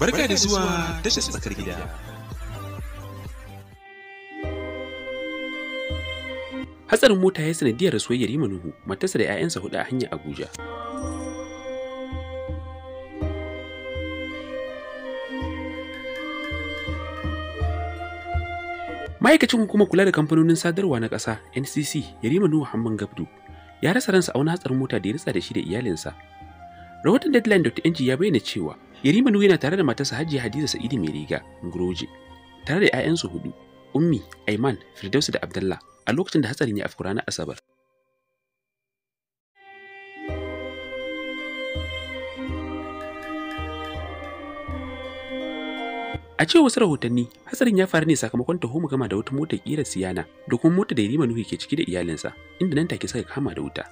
Barka da zuwa tashar tsakar gida. Hatsarin mota ya sanadiyar rasuwar Yarima Nuhu, matasa da 'ya'yansa hudu a hanyar Abuja. Ma'aikacin hukumar kula da kamfanonin sadarwa na ƙasa NCC Yarima Nuhu Hamman Gabdu ya rasa ransa a wani hatsarin mota da ya ritsa da shi da iyalinsa. Rahoton Deadline.ng ya bayyana cewa Yarima Nuhu yana tare da matarsa Hajiya Hadiza Sa'idi mai riga Ngroje tare da 'ya'yansu hudu Ummi, Aiman, Firdausu da Abdullah a lokacin da hatsarin ya afku ranar Asabar. A cewa wasu rahotanni, hatsarin ya faru ne sakamakon taho gama da wata motar ƙirar Siyana da kuma motar da Yarima Nuhu ke ciki da iyalinsa, inda nan take suka kama da wuta.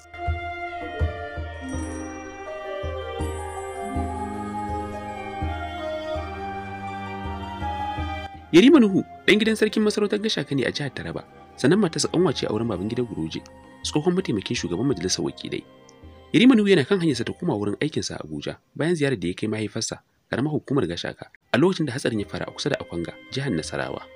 Yarima Nuhu ɗan gidan sarkin masarautar Gashaka ne a jihar Taraba sannan matarsa ce a wurin baban gidan Guruje tsohon mataimakin shugaban majalisar wakilai. Yarima Nuhu yana kan hanyarsa ta koma wurin aikinsa a Abuja bayan ziyarar da ya kai mahaifarsa ƙaramar hukumar Gashaka a lokacin da hatsarin ya faru a kusa da Akwanga jihar Nasarawa.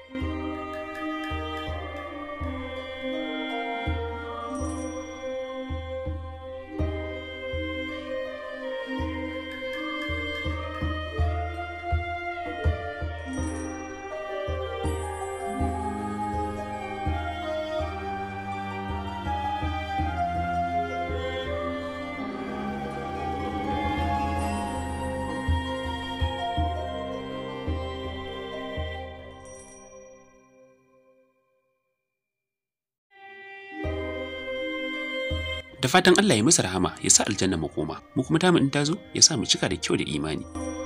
da fatan Allah ya masa rahama ya sa aljanna mu koma mu kuma tamu in ta zo ya sa mu cika da kyau da imani